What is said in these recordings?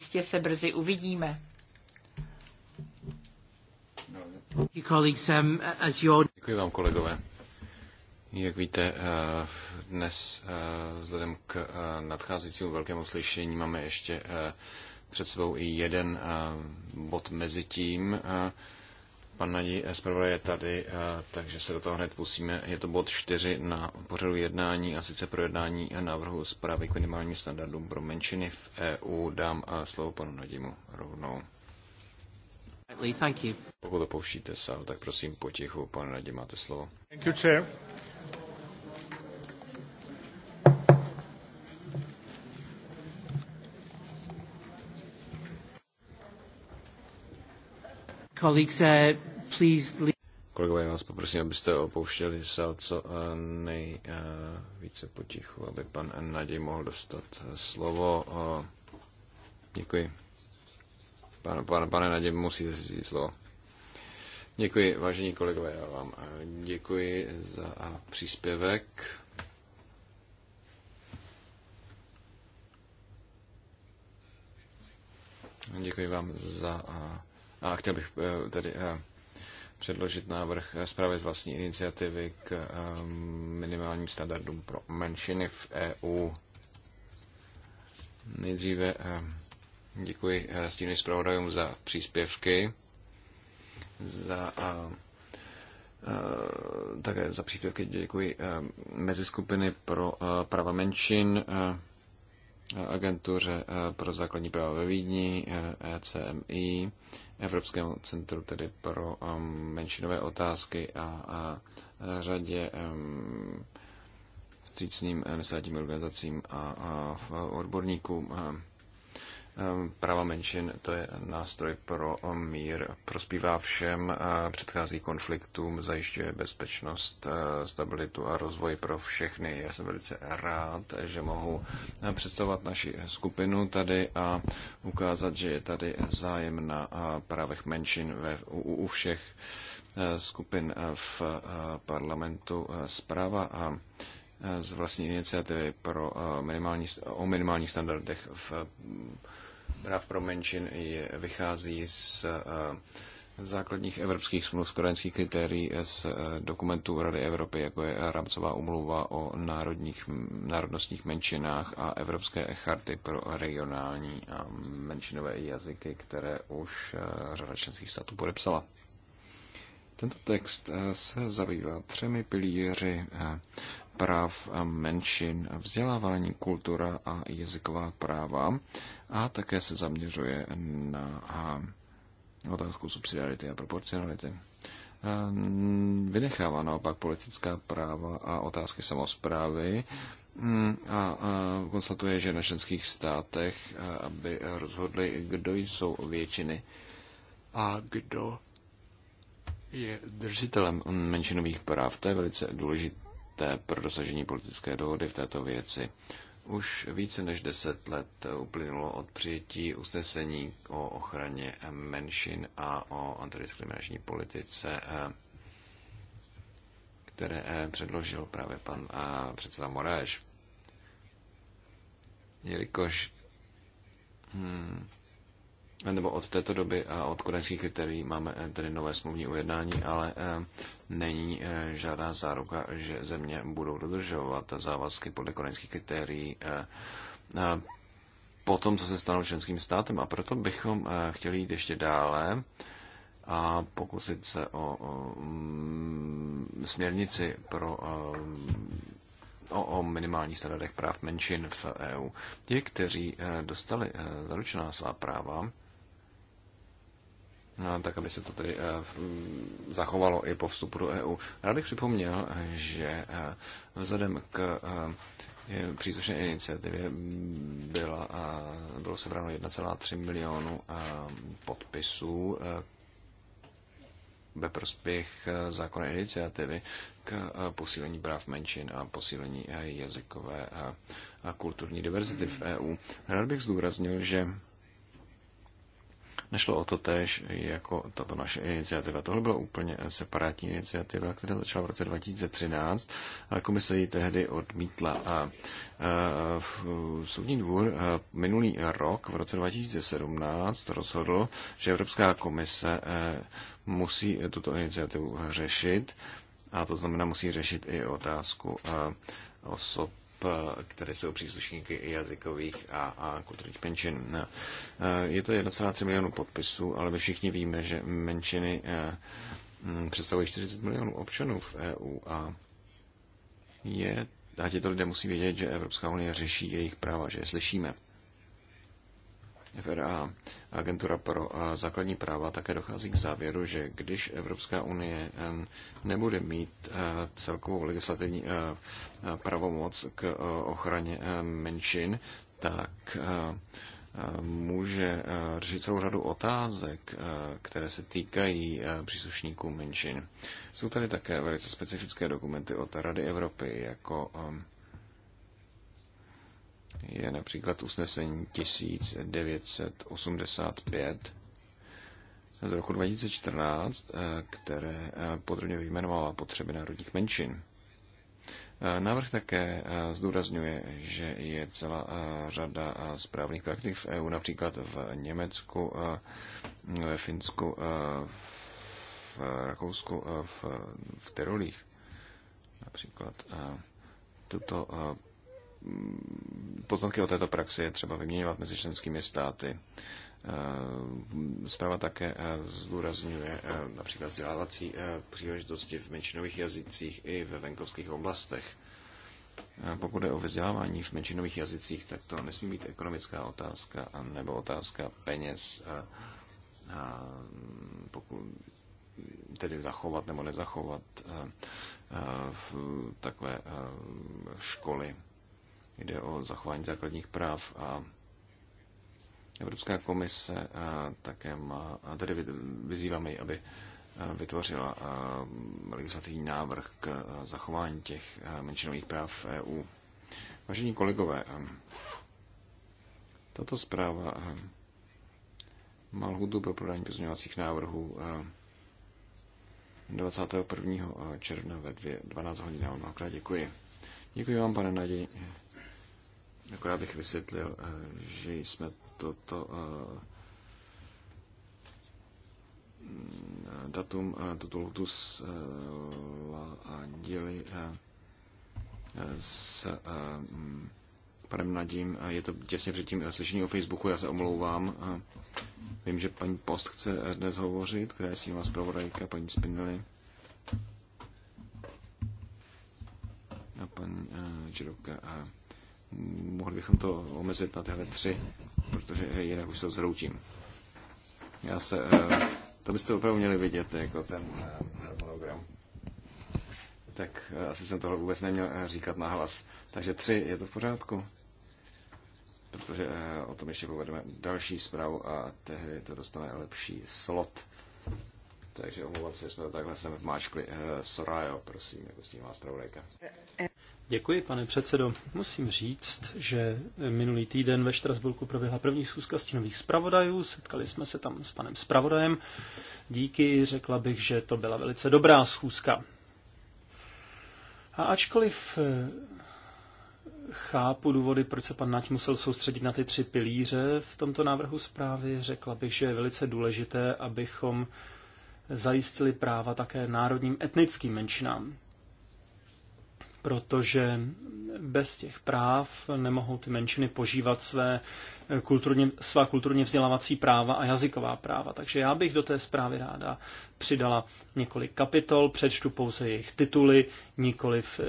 Jistě se brzy uvidíme. Um, Děkuji vám, kolegové. Jak víte, eh, dnes eh, vzhledem k eh, nadcházejícímu velkému slyšení máme ještě před sebou i jeden bod mezi tím. Pan Nadí eh, zpravodaj je tady, eh, takže se do toho hned pustíme. Je to bod 4 na pořadu jednání a sice projednání návrhu zprávy k minimálním standardům pro menšiny v EU. Dám a eh, slovo panu Nadimu rovnou. Thank you. Pokud opouštíte sál, tak prosím potichu. Pane Nadí, máte slovo. Thank you, chair. Colleagues, uh, Kolegové, já vás poprosím, abyste opouštěli sál co eh, nejvíce potichu, aby pan Naděj mohl dostat eh, slovo. Eh, děkuji. Pan, pan, pane Naděj, musíte si vzít slovo. Děkuji, vážení kolegové, já vám děkuji za příspěvek. Děkuji vám za... A, a chtěl bych tady... A, předložit návrh zprávy z vlastní iniciativy k um, minimálním standardům pro menšiny v EU. Nejdříve um, děkuji eh, tím zpravodajům za příspěvky, za eh, eh, také za příspěvky děkuji mezi pro práva menšin, agentuře eh, pro základní práva ve Vídni, ECMI, eh, e Evropskému centru tedy pro eh, menšinové otázky a, a řadě vstřícným nestátním organizacím a, a odborníkům. Ehm, práva menšin to je nástroj pro mír, prospívá všem, eh, předchází konfliktům, zajišťuje bezpečnost, eh, stabilitu a rozvoj pro všechny. Já jsem velice rád, že mohu eh, představovat naši skupinu tady a ukázat, že je tady zájem na právech menšin ve, u, u všech skupin v parlamentu zpráva a z vlastní iniciativy pro minimální, o minimálních standardech v práv pro menšin je, vychází z eh, základních evropských smluv, z korenských kritérií, z eh, dokumentů Rady Evropy, jako je Rámcová umluva o národních, národnostních menšinách a Evropské charty pro regionální a menšinové jazyky, které už eh, řada členských států podepsala. Tento text eh, se zabývá třemi pilíři eh, práv menšin, vzdělávání, kultura a jazyková práva a také se zaměřuje na eh, otázku subsidiarity a proporcionality. Vynechává naopak politická práva a otázky samozprávy mm, a konstatuje, že na členských státech, aby rozhodli, kdo jsou většiny a kdo je držitelem menšinových práv. To je velice důležité pro dosažení politické dohody v této věci. Už více než deset let uplynulo od přijetí usnesení o ochraně menšin a o antidiskriminační politice, které předložil právě pan předseda Moráš. Jelikož hmm, nebo od této doby a od kodaňských kritérií máme eh, tedy nové smluvní ujednání, ale eh, není eh, žádná záruka, že země budou dodržovat závazky podle kodaňských kritérií po tom, co se stalo členským státem. A proto bychom chtěli jít ještě dále a pokusit se o, o mm, směrnici pro o, o minimálních standardech práv menšin v EU. Ti, kteří dostali zaručená svá práva, No, tak aby se to tedy eh, zachovalo i po vstupu do EU. Rád bych připomněl, že eh, vzhledem k eh, příslušné iniciativě byla, bylo sebráno 1,3 milionu podpisů ve prospěch zákonné iniciativy k posílení práv menšin a posílení jazykové a kulturní diverzity v EU. Rád bych zdůraznil, že Nešlo o to tež jako tato naše iniciativa. Tohle byla úplně separátní iniciativa, která začala v roce 2013, ale komise ji tehdy odmítla. A v Soudní dvůr minulý rok, v roce 2017, rozhodl, že Evropská komise e, musí tuto iniciativu řešit, a to znamená musí řešit i otázku e, osob Eh, které jsou příslušníky jazykových a, a kulturních menšin. Eh, je to 1,3 milionu podpisů, ale my všichni víme, že menšiny eh, mm, představují 40 milionů občanů v EU a je, a těto lidé musí vědět, že Evropská unie řeší jejich práva, že je slyšíme. FRA, Agentura pro základní práva, také dochází k závěru, že když Evropská unie eh, nebude mít eh, celkovou legislativní eh, pravomoc k ochraně menšin, tak může řešit celou řadu otázek, které se týkají příslušníků menšin. Jsou tady také velice specifické dokumenty od Rady Evropy, jako je například usnesení 1985 z roku 2014, eh, které eh, podrobně vyjmenovává potřeby národních menšin. Eh, návrh také zdůrazňuje, že je celá řada správných praktik v EU, například v Německu, ve Finsku, v Rakousku, v, v Tyrolích například. Tuto poznatky o této praxi je třeba vyměňovat mezi členskými státy. Eh, zpráva také eh, zdůrazňuje eh, například vzdělávací příležitosti v menšinových jazycích i ve venkovských oblastech. Pokud je o vzdělávání v menšinových jazycích, tak to nesmí být ekonomická otázka nebo otázka peněz, a pokud tedy zachovat nebo nezachovat v takové školy Jde o zachování základních práv a Evropská komise také má, a tedy vyzýváme ji, aby vytvořila legislativní návrh k zachování těch menšinových práv v EU. Vážení kolegové, tato zpráva má lhutu pro podání pozměňovacích návrhů 21. června ve 12 hodin. mnohokrát děkuji. Děkuji vám, pane Naději. Akorát bych vysvětlil, eh, že jsme toto eh, datum, eh, tuto lhutu děli s panem Nadím. Je to těsně před tím slyšení o Facebooku, já se omlouvám. Vím, že paní Post chce dnes hovořit, která je s ním zpravodajka, paní Spinelli. A pan Čiroka mohli bychom to omezit na tyhle tři, protože jinak už se zhroutím. Já se, eh, to byste opravdu měli vidět, eh, jako eh, ten harmonogram. Tak asi jsem tohle vůbec neměl říkat na hlas. Takže tři, je to v pořádku? Protože o tom ještě povedeme další zprávu a tehdy to dostane lepší slot. Takže omlouvám se, že jsme to takhle sem vmáčkli. Sorajo, prosím, jako s tím má zpravodajka. Děkuji, pane předsedo. Musím říct, že minulý týden ve Štrasburku proběhla první schůzka stínových zpravodajů. Setkali jsme se tam s panem zpravodajem. Díky, řekla bych, že to byla velice dobrá schůzka. A ačkoliv eh, chápu důvody, proč se pan Nať musel soustředit na ty tři pilíře v tomto návrhu zprávy, řekla bych, že je velice důležité, abychom zajistili práva také národním etnickým menšinám protože bez těch práv nemohou ty menšiny požívat své kulturně, svá kulturně vzdělávací práva a jazyková práva. Takže já bych do té zprávy ráda přidala několik kapitol, přečtu pouze jejich tituly, v e, eh,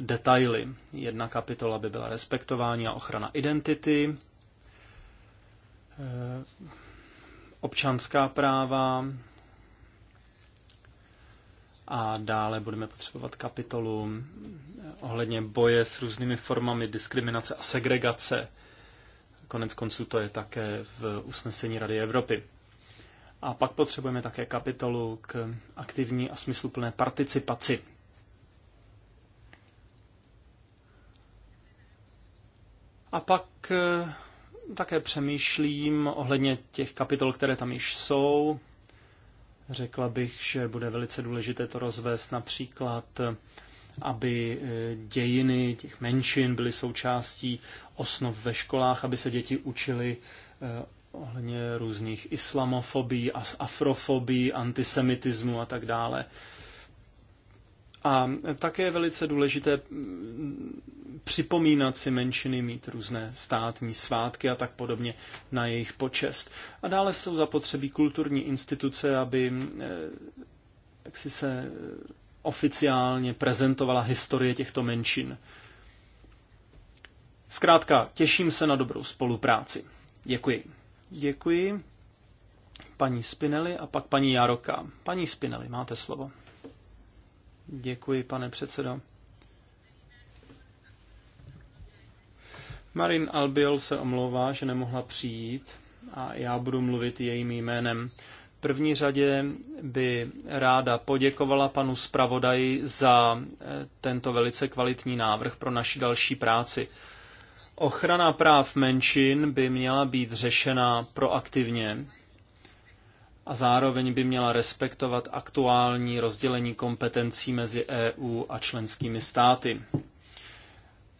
detaily. Jedna kapitola by byla respektování a ochrana identity, e, občanská práva, a dále budeme potřebovat kapitolu eh, ohledně boje s různými formami diskriminace a segregace. Konec konců to je také v usnesení Rady Evropy. A pak potřebujeme také kapitolu k aktivní a smysluplné participaci. A pak eh, také přemýšlím ohledně těch kapitol, které tam již jsou, Řekla bych, že bude velice důležité to rozvést například, aby e, dějiny těch menšin byly součástí osnov ve školách, aby se děti učily e, ohledně různých islamofobí, afrofobí, antisemitismu a tak dále. A také je velice důležité připomínat si menšiny, mít různé státní svátky a tak podobně na jejich počest. A dále jsou zapotřebí kulturní instituce, aby eh, jak si se oficiálně prezentovala historie těchto menšin. Zkrátka, těším se na dobrou spolupráci. Děkuji. Děkuji paní Spinelli a pak paní Jaroka. Paní Spinelli, máte slovo. Děkuji, pane předsedo. Marin Albiol se omlouvá, že nemohla přijít a já budu mluvit jejím jménem. V první řadě by ráda poděkovala panu zpravodaji za eh, tento velice kvalitní návrh pro naši další práci. Ochrana práv menšin by měla být řešena proaktivně a zároveň by měla respektovat aktuální rozdělení kompetencí mezi EU a členskými státy.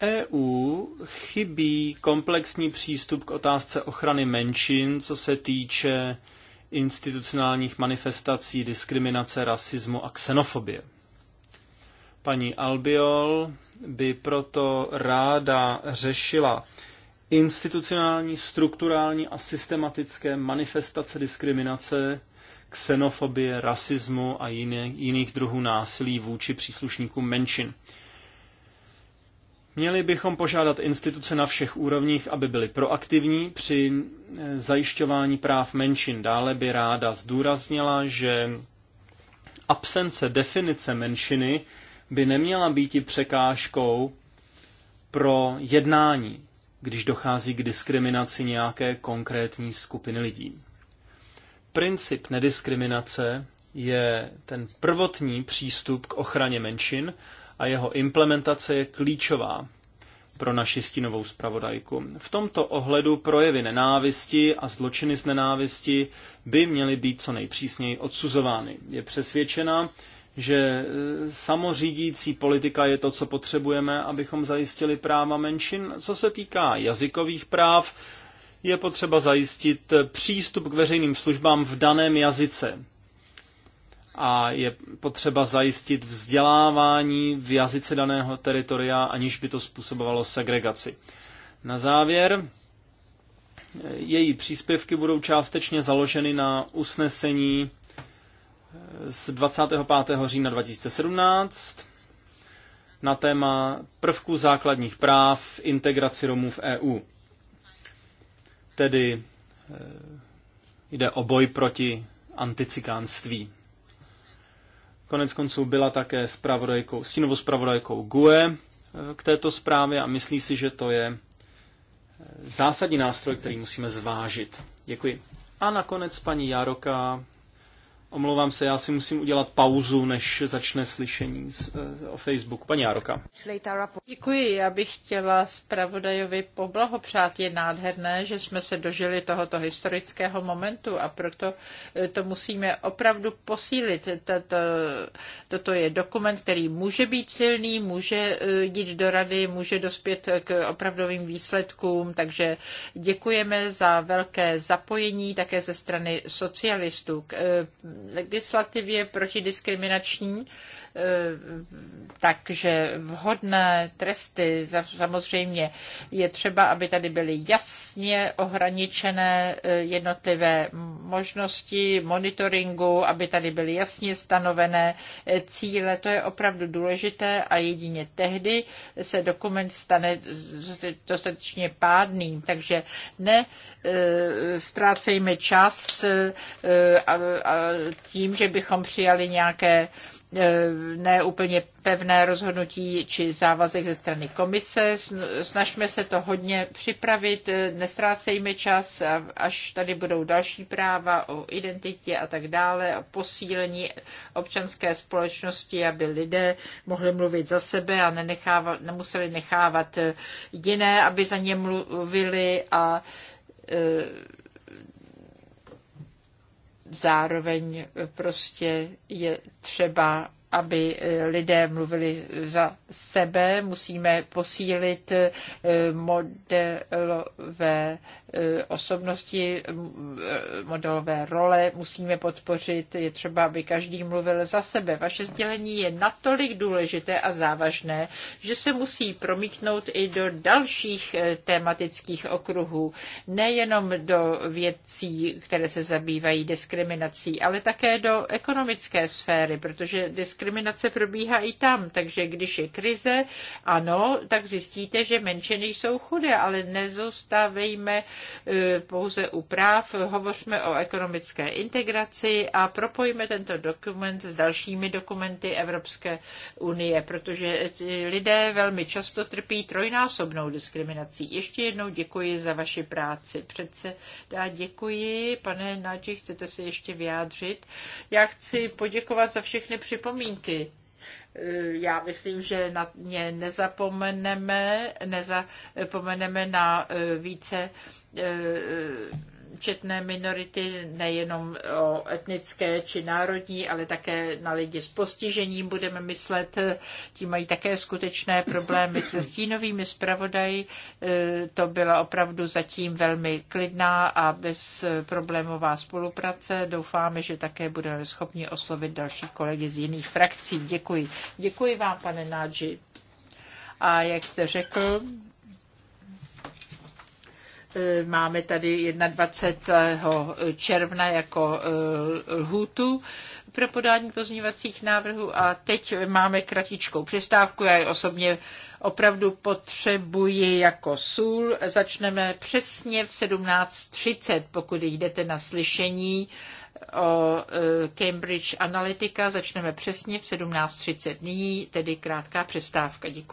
EU chybí komplexní přístup k otázce ochrany menšin, co se týče institucionálních manifestací diskriminace, rasismu a xenofobie. Paní Albiol by proto ráda řešila institucionální, strukturální a systematické manifestace diskriminace, xenofobie, rasismu a jiné, jiných druhů násilí vůči příslušníkům menšin. Měli bychom požádat instituce na všech úrovních, aby byly proaktivní při eh, zajišťování práv menšin. Dále by ráda zdůraznila, že absence definice menšiny by neměla být i překážkou pro jednání když dochází k diskriminaci nějaké konkrétní skupiny lidí. Princip nediskriminace je ten prvotní přístup k ochraně menšin a jeho implementace je klíčová pro naši stínovou zpravodajku. V tomto ohledu projevy nenávisti a zločiny z nenávisti by měly být co nejpřísněji odsuzovány. Je přesvědčena, že e, samořídící politika je to, co potřebujeme, abychom zajistili práva menšin. Co se týká jazykových práv, je potřeba zajistit e, přístup k veřejným službám v daném jazyce. A je potřeba zajistit vzdělávání v jazyce daného teritoria, aniž by to způsobovalo segregaci. Na závěr, e, její příspěvky budou částečně založeny na usnesení z 25. října 2017 na téma prvků základních práv integraci Romů v EU. Tedy eh, jde o boj proti anticikánství. Konec konců byla také spravodajkou, stínovou spravodajkou GUE eh, k této zprávě a myslí si, že to je eh, zásadní nástroj, který musíme zvážit. Děkuji. A nakonec paní Jaroka Omlouvám se, já si musím udělat pauzu, než začne slyšení z, eh, o Facebooku. Paní Jároka. Děkuji, já bych chtěla zpravodajovi poblahopřát. Je nádherné, že jsme se dožili tohoto historického momentu a proto eh, to musíme opravdu posílit. Tato, toto je dokument, který může být silný, může eh, jít do rady, může dospět k opravdovým výsledkům, takže děkujeme za velké zapojení také ze strany socialistů. K, legislativě protidiskriminační, eh, takže vhodné tresty samozřejmě je třeba, aby tady byly jasně ohraničené eh, jednotlivé možnosti monitoringu, aby tady byly jasně stanovené eh, cíle. To je opravdu důležité a jedině tehdy se dokument stane dostatečně pádným. Takže ne Eh, ztrácejme čas eh, a tím, že bychom přijali nějaké eh, neúplně pevné rozhodnutí či závazek ze strany komise. Snažme se to hodně připravit, nestrácejme čas, až tady budou další práva o identitě a tak dále, o posílení občanské společnosti, aby lidé mohli mluvit za sebe a nenechávat, nemuseli nechávat jiné, aby za ně mluvili a E, zároveň prostě je třeba aby eh, lidé mluvili za sebe, musíme posílit eh, modelové eh, osobnosti, modelové role, musíme podpořit, je třeba, aby každý mluvil za sebe. Vaše sdělení je natolik důležité a závažné, že se musí promítnout i do dalších tematických okruhů, nejenom do věcí, které se zabývají diskriminací, ale také do ekonomické sféry, protože diskriminace diskriminace probíhá i tam. Takže když je krize, ano, tak zjistíte, že menšiny jsou chudé, ale nezostavejme eh, pouze u práv. Hovořme o ekonomické integraci a propojíme tento dokument s dalšími dokumenty Evropské unie, protože lidé velmi často trpí trojnásobnou diskriminací. Ještě jednou děkuji za vaši práci. Přece dá děkuji. Pane Nadži, chcete se ještě vyjádřit? Já chci poděkovat za všechny připomínky vzpomínky. Eh, já myslím, že na ně nezapomeneme, nezapomeneme na eh, více eh, četné minority, nejenom o etnické či národní, ale také na lidi s postižením budeme myslet. Ti mají také skutečné problémy se stínovými zpravodaji. E, to byla opravdu zatím velmi klidná a bezproblémová spolupráce. Doufáme, že také budeme schopni oslovit další kolegy z jiných frakcí. Děkuji. Děkuji vám, pane Nádži. A jak jste řekl, E, máme tady 21. června jako e, lhůtu pro podání pozměňovacích návrhů a teď máme kratičkou přestávku. Já ji osobně opravdu potřebuji jako sůl. Začneme přesně v 17.30, pokud jdete na slyšení o e, Cambridge Analytica. Začneme přesně v 17.30. Nyní tedy krátká přestávka. Děkuji.